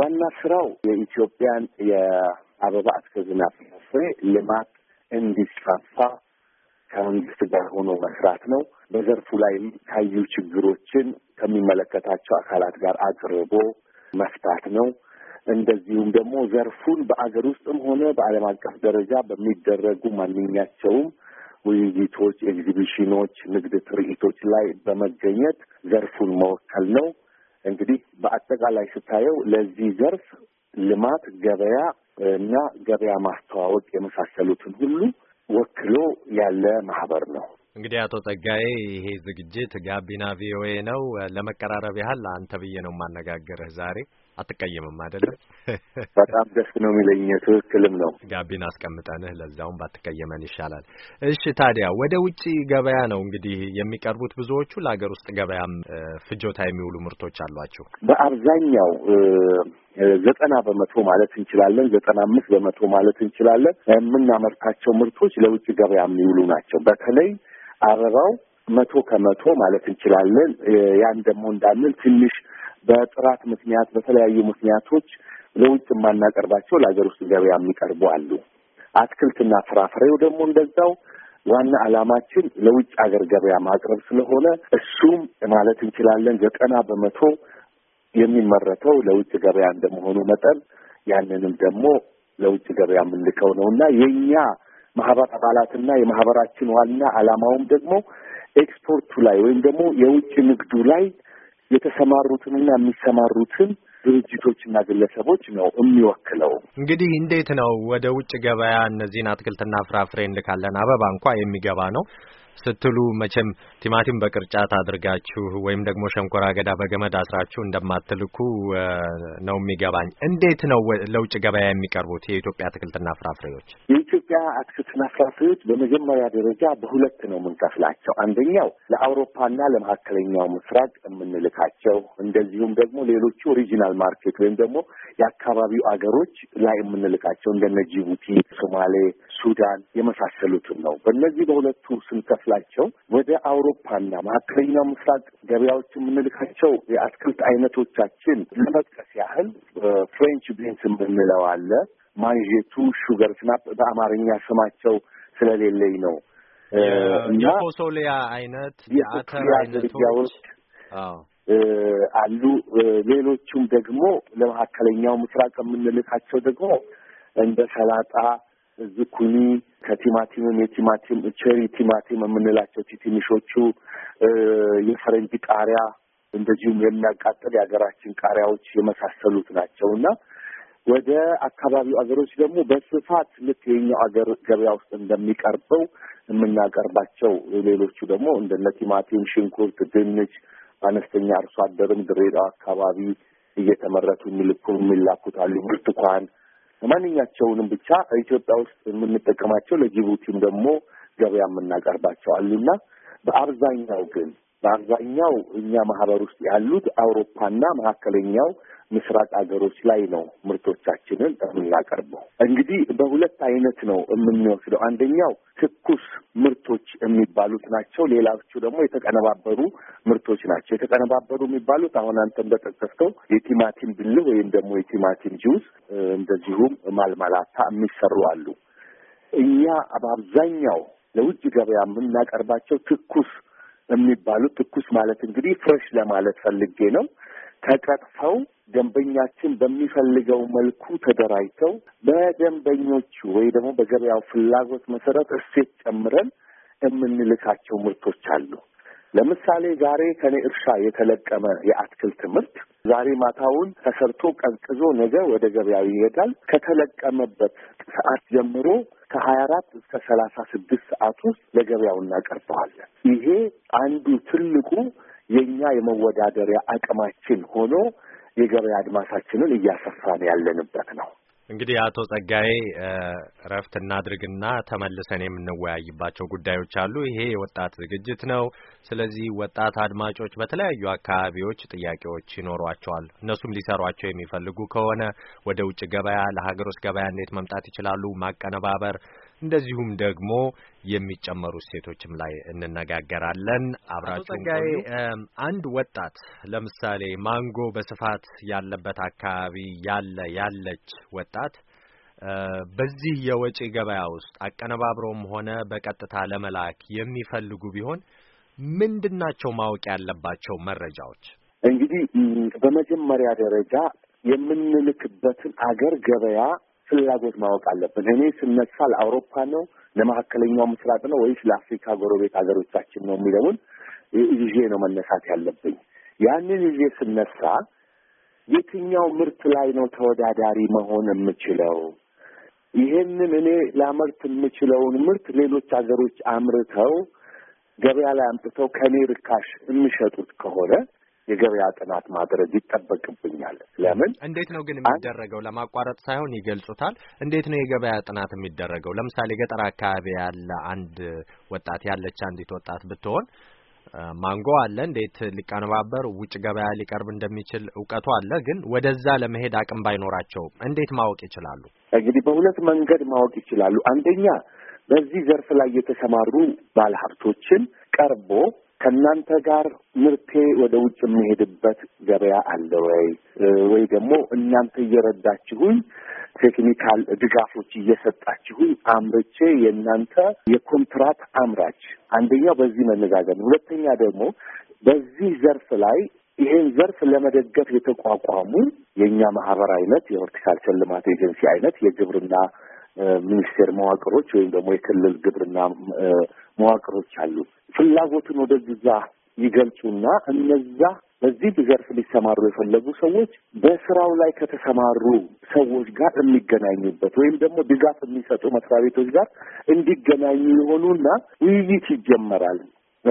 ዋና ስራው የኢትዮጵያን የአበባ እስከ ዝናብ ፍሬ ልማት እንዲስፋፋ ከመንግስት ጋር ሆኖ መስራት ነው። በዘርፉ ላይ የሚታዩ ችግሮችን ከሚመለከታቸው አካላት ጋር አቅርቦ መፍታት ነው። እንደዚሁም ደግሞ ዘርፉን በአገር ውስጥም ሆነ በዓለም አቀፍ ደረጃ በሚደረጉ ማንኛቸውም ውይይቶች፣ ኤግዚቢሽኖች፣ ንግድ ትርኢቶች ላይ በመገኘት ዘርፉን መወከል ነው። እንግዲህ በአጠቃላይ ስታየው ለዚህ ዘርፍ ልማት፣ ገበያ እና ገበያ ማስተዋወቅ የመሳሰሉትን ሁሉ ወክሎ ያለ ማህበር ነው። እንግዲህ አቶ ጸጋዬ ይሄ ዝግጅት ጋቢና ቪኦኤ ነው። ለመቀራረብ ያህል አንተ ብዬ ነው የማነጋገርህ ዛሬ አትቀየምም አይደለም? በጣም ደስ ነው የሚለኝ። ትክክልም ነው። ጋቢን አስቀምጠንህ ለዛውም ባትቀየመን ይሻላል። እሺ፣ ታዲያ ወደ ውጭ ገበያ ነው እንግዲህ የሚቀርቡት ብዙዎቹ። ለሀገር ውስጥ ገበያም ፍጆታ የሚውሉ ምርቶች አሏቸው በአብዛኛው ዘጠና በመቶ ማለት እንችላለን፣ ዘጠና አምስት በመቶ ማለት እንችላለን። የምናመርታቸው ምርቶች ለውጭ ገበያ የሚውሉ ናቸው። በተለይ አበባው መቶ ከመቶ ማለት እንችላለን። ያን ደግሞ እንዳንል ትንሽ በጥራት ምክንያት በተለያዩ ምክንያቶች ለውጭ የማናቀርባቸው ለሀገር ውስጥ ገበያ የሚቀርቡ አሉ። አትክልትና ፍራፍሬው ደግሞ እንደዛው ዋና ዓላማችን ለውጭ ሀገር ገበያ ማቅረብ ስለሆነ እሱም ማለት እንችላለን ዘጠና በመቶ የሚመረተው ለውጭ ገበያ እንደመሆኑ መጠን ያንንም ደግሞ ለውጭ ገበያ የምንልከው ነው እና የእኛ ማህበር አባላትና የማህበራችን ዋና ዓላማውም ደግሞ ኤክስፖርቱ ላይ ወይም ደግሞ የውጭ ንግዱ ላይ የተሰማሩትንና የሚሰማሩትን ድርጅቶችና ግለሰቦች ነው የሚወክለው። እንግዲህ እንዴት ነው ወደ ውጭ ገበያ እነዚህን አትክልትና ፍራፍሬ እንልካለን። አበባ እንኳ የሚገባ ነው ስትሉ መቼም ቲማቲም በቅርጫት አድርጋችሁ ወይም ደግሞ ሸንኮራ አገዳ በገመድ አስራችሁ እንደማትልኩ ነው የሚገባኝ። እንዴት ነው ለውጭ ገበያ የሚቀርቡት የኢትዮጵያ አትክልትና ፍራፍሬዎች? የኢትዮጵያ አትክልትና ፍራፍሬዎች በመጀመሪያ ደረጃ በሁለት ነው የምንከፍላቸው። አንደኛው ለአውሮፓና ለመካከለኛው ምስራቅ የምንልካቸው፣ እንደዚሁም ደግሞ ሌሎቹ ኦሪጂናል ማርኬት ወይም ደግሞ የአካባቢው አገሮች ላይ የምንልካቸው እንደነ ጅቡቲ፣ ሶማሌ፣ ሱዳን የመሳሰሉትን ነው። በእነዚህ በሁለቱ ስንከፍል የምንከፍላቸው ወደ አውሮፓና መካከለኛው ምስራቅ ገበያዎች የምንልካቸው የአትክልት አይነቶቻችን ለመጥቀስ ያህል ፍሬንች ቢንስ የምንለው አለ። ማንዤቱ ሹገር ስናፕ በአማርኛ ስማቸው ስለሌለኝ ነው። የፎሶሊያ አይነት የአተር አይነቶች አሉ። ሌሎቹም ደግሞ ለመካከለኛው ምስራቅ የምንልካቸው ደግሞ እንደ ሰላጣ እዚህ ኩኒ ከቲማቲምም የቲማቲም ቸሪ ቲማቲም የምንላቸው ትንሾቹ የፈረንጅ ቃሪያ እንደዚሁም የሚያቃጥል የሀገራችን ቃሪያዎች የመሳሰሉት ናቸው እና ወደ አካባቢው ሀገሮች ደግሞ በስፋት ልክ የኛው ሀገር ገበያ ውስጥ እንደሚቀርበው የምናቀርባቸው ሌሎቹ ደግሞ እንደነ ቲማቲም፣ ሽንኩርት፣ ድንች አነስተኛ አርሶ አደርም ድሬዳዋ አካባቢ እየተመረቱ የሚልኩ የሚላኩት አሉ። ብርቱካን ማንኛቸውንም ብቻ ኢትዮጵያ ውስጥ የምንጠቀማቸው ለጅቡቲም ደግሞ ገበያ የምናቀርባቸው አሉና በአብዛኛው ግን በአብዛኛው እኛ ማህበር ውስጥ ያሉት አውሮፓና መካከለኛው ምስራቅ ሀገሮች ላይ ነው ምርቶቻችንን የምናቀርበው። እንግዲህ በሁለት አይነት ነው የምንወስደው። አንደኛው ትኩስ ምርቶች የሚባሉት ናቸው። ሌላዎቹ ደግሞ የተቀነባበሩ ምርቶች ናቸው። የተቀነባበሩ የሚባሉት አሁን አንተ እንደጠቀስከው የቲማቲም ብልህ ወይም ደግሞ የቲማቲም ጁስ፣ እንደዚሁም ማልማላታ የሚሰሩ አሉ። እኛ በአብዛኛው ለውጭ ገበያ የምናቀርባቸው ትኩስ የሚባሉት ትኩስ ማለት እንግዲህ ፍሬሽ ለማለት ፈልጌ ነው። ተቀጥፈው ደንበኛችን በሚፈልገው መልኩ ተደራጅተው በደንበኞቹ ወይ ደግሞ በገበያው ፍላጎት መሰረት እሴት ጨምረን የምንልካቸው ምርቶች አሉ። ለምሳሌ ዛሬ ከኔ እርሻ የተለቀመ የአትክልት ምርት ዛሬ ማታውን ተሰርቶ ቀዝቅዞ ነገ ወደ ገበያው ይሄዳል። ከተለቀመበት ሰዓት ጀምሮ ከሀያ አራት እስከ ሰላሳ ስድስት ሰዓት ውስጥ ለገበያው እናቀርበዋለን። ይሄ አንዱ ትልቁ የእኛ የመወዳደሪያ አቅማችን ሆኖ የገበያ አድማሳችንን እያሰፋን ያለንበት ነው። እንግዲህ አቶ ጸጋዬ እረፍት እናድርግና ተመልሰን የምንወያይባቸው ጉዳዮች አሉ። ይሄ የወጣት ዝግጅት ነው። ስለዚህ ወጣት አድማጮች በተለያዩ አካባቢዎች ጥያቄዎች ይኖሯቸዋል። እነሱም ሊሰሯቸው የሚፈልጉ ከሆነ ወደ ውጭ ገበያ፣ ለሀገር ውስጥ ገበያ እንዴት መምጣት ይችላሉ? ማቀነባበር እንደዚሁም ደግሞ የሚጨመሩ እሴቶችም ላይ እንነጋገራለን። አብራችሁ ጸጋዬ፣ አንድ ወጣት ለምሳሌ ማንጎ በስፋት ያለበት አካባቢ ያለ ያለች ወጣት በዚህ የወጪ ገበያ ውስጥ አቀነባብሮም ሆነ በቀጥታ ለመላክ የሚፈልጉ ቢሆን ምንድናቸው ማወቅ ያለባቸው መረጃዎች? እንግዲህ በመጀመሪያ ደረጃ የምንልክበትን አገር ገበያ ፍላጎት ማወቅ አለብን። እኔ ስነሳ ለአውሮፓ ነው ለመካከለኛው ምስራቅ ነው ወይስ ለአፍሪካ ጎረቤት ሀገሮቻችን ነው የሚለውን ይዤ ነው መነሳት ያለብኝ። ያንን ይዤ ስነሳ የትኛው ምርት ላይ ነው ተወዳዳሪ መሆን የምችለው? ይሄንን እኔ ላመርት የምችለውን ምርት ሌሎች ሀገሮች አምርተው ገበያ ላይ አምጥተው ከኔ ርካሽ የሚሸጡት ከሆነ የገበያ ጥናት ማድረግ ይጠበቅብኛል። ለምን እንዴት ነው ግን የሚደረገው? ለማቋረጥ ሳይሆን ይገልጹታል። እንዴት ነው የገበያ ጥናት የሚደረገው? ለምሳሌ ገጠር አካባቢ ያለ አንድ ወጣት ያለች አንዲት ወጣት ብትሆን ማንጎ አለ፣ እንዴት ሊቀነባበር ውጭ ገበያ ሊቀርብ እንደሚችል እውቀቱ አለ። ግን ወደዛ ለመሄድ አቅም ባይኖራቸውም እንዴት ማወቅ ይችላሉ? እንግዲህ በሁለት መንገድ ማወቅ ይችላሉ። አንደኛ በዚህ ዘርፍ ላይ የተሰማሩ ባለሀብቶችን ቀርቦ ከእናንተ ጋር ምርቴ ወደ ውጭ የሚሄድበት ገበያ አለ ወይ? ወይ ደግሞ እናንተ እየረዳችሁኝ ቴክኒካል ድጋፎች እየሰጣችሁኝ አምርቼ የእናንተ የኮንትራት አምራች አንደኛው በዚህ መነጋገር ነው። ሁለተኛ ደግሞ በዚህ ዘርፍ ላይ ይሄን ዘርፍ ለመደገፍ የተቋቋሙ የእኛ ማህበር አይነት የሆርቲካልቸር ልማት ኤጀንሲ አይነት የግብርና ሚኒስቴር መዋቅሮች ወይም ደግሞ የክልል ግብርና መዋቅሮች አሉ። ፍላጎትን ወደዛ ይገልጹና እነዛ በዚህ ዘርፍ ሊሰማሩ የፈለጉ ሰዎች በስራው ላይ ከተሰማሩ ሰዎች ጋር የሚገናኙበት ወይም ደግሞ ድጋፍ የሚሰጡ መስሪያ ቤቶች ጋር እንዲገናኙ የሆኑና ውይይት ይጀመራል።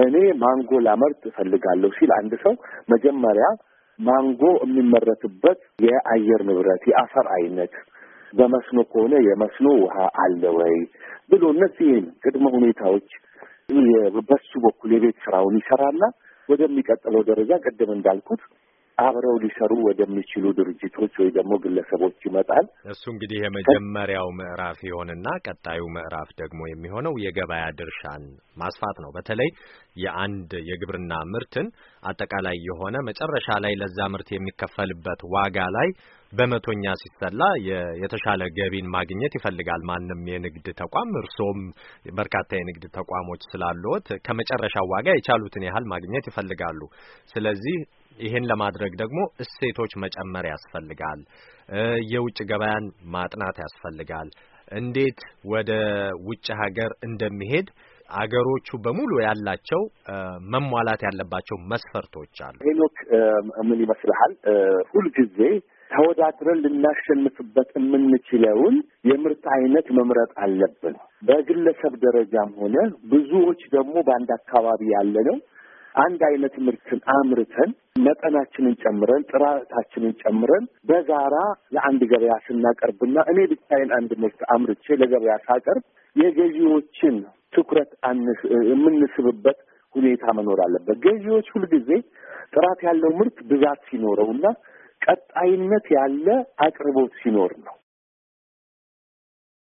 እኔ ማንጎ ላመርት እፈልጋለሁ ሲል አንድ ሰው መጀመሪያ ማንጎ የሚመረትበት የአየር ንብረት፣ የአፈር አይነት፣ በመስኖ ከሆነ የመስኖ ውሃ አለ ወይ ብሎ እነዚህም ቅድመ ሁኔታዎች በሱ በኩል የቤት ስራውን ይሰራና ወደሚቀጥለው ደረጃ ቅድም እንዳልኩት አብረው ሊሰሩ ወደሚችሉ ድርጅቶች ወይ ደግሞ ግለሰቦች ይመጣል። እሱ እንግዲህ የመጀመሪያው ምዕራፍ ይሆንና ቀጣዩ ምዕራፍ ደግሞ የሚሆነው የገበያ ድርሻን ማስፋት ነው። በተለይ የአንድ የግብርና ምርትን አጠቃላይ የሆነ መጨረሻ ላይ ለዛ ምርት የሚከፈልበት ዋጋ ላይ በመቶኛ ሲሰላ የተሻለ ገቢን ማግኘት ይፈልጋል ማንም የንግድ ተቋም። እርሶም በርካታ የንግድ ተቋሞች ስላሉት ከመጨረሻው ዋጋ የቻሉትን ያህል ማግኘት ይፈልጋሉ። ስለዚህ ይሄን ለማድረግ ደግሞ እሴቶች መጨመር ያስፈልጋል። የውጭ ገበያን ማጥናት ያስፈልጋል። እንዴት ወደ ውጭ ሀገር እንደሚሄድ አገሮቹ በሙሉ ያላቸው መሟላት ያለባቸው መስፈርቶች አሉ። ሄኖክ ምን ይመስልሃል? ሁልጊዜ ተወዳድረን ልናሸንፍበት የምንችለውን የምርት አይነት መምረጥ አለብን። በግለሰብ ደረጃም ሆነ ብዙዎች ደግሞ በአንድ አካባቢ ያለ ነው አንድ አይነት ምርትን አምርተን መጠናችንን ጨምረን ጥራታችንን ጨምረን በጋራ ለአንድ ገበያ ስናቀርብና እኔ ብቻዬን አንድ ምርት አምርቼ ለገበያ ሳቀርብ የገዢዎችን ትኩረት የምንስብበት ሁኔታ መኖር አለበት። ገዢዎች ሁልጊዜ ጥራት ያለው ምርት ብዛት ሲኖረው እና ቀጣይነት ያለ አቅርቦት ሲኖር ነው።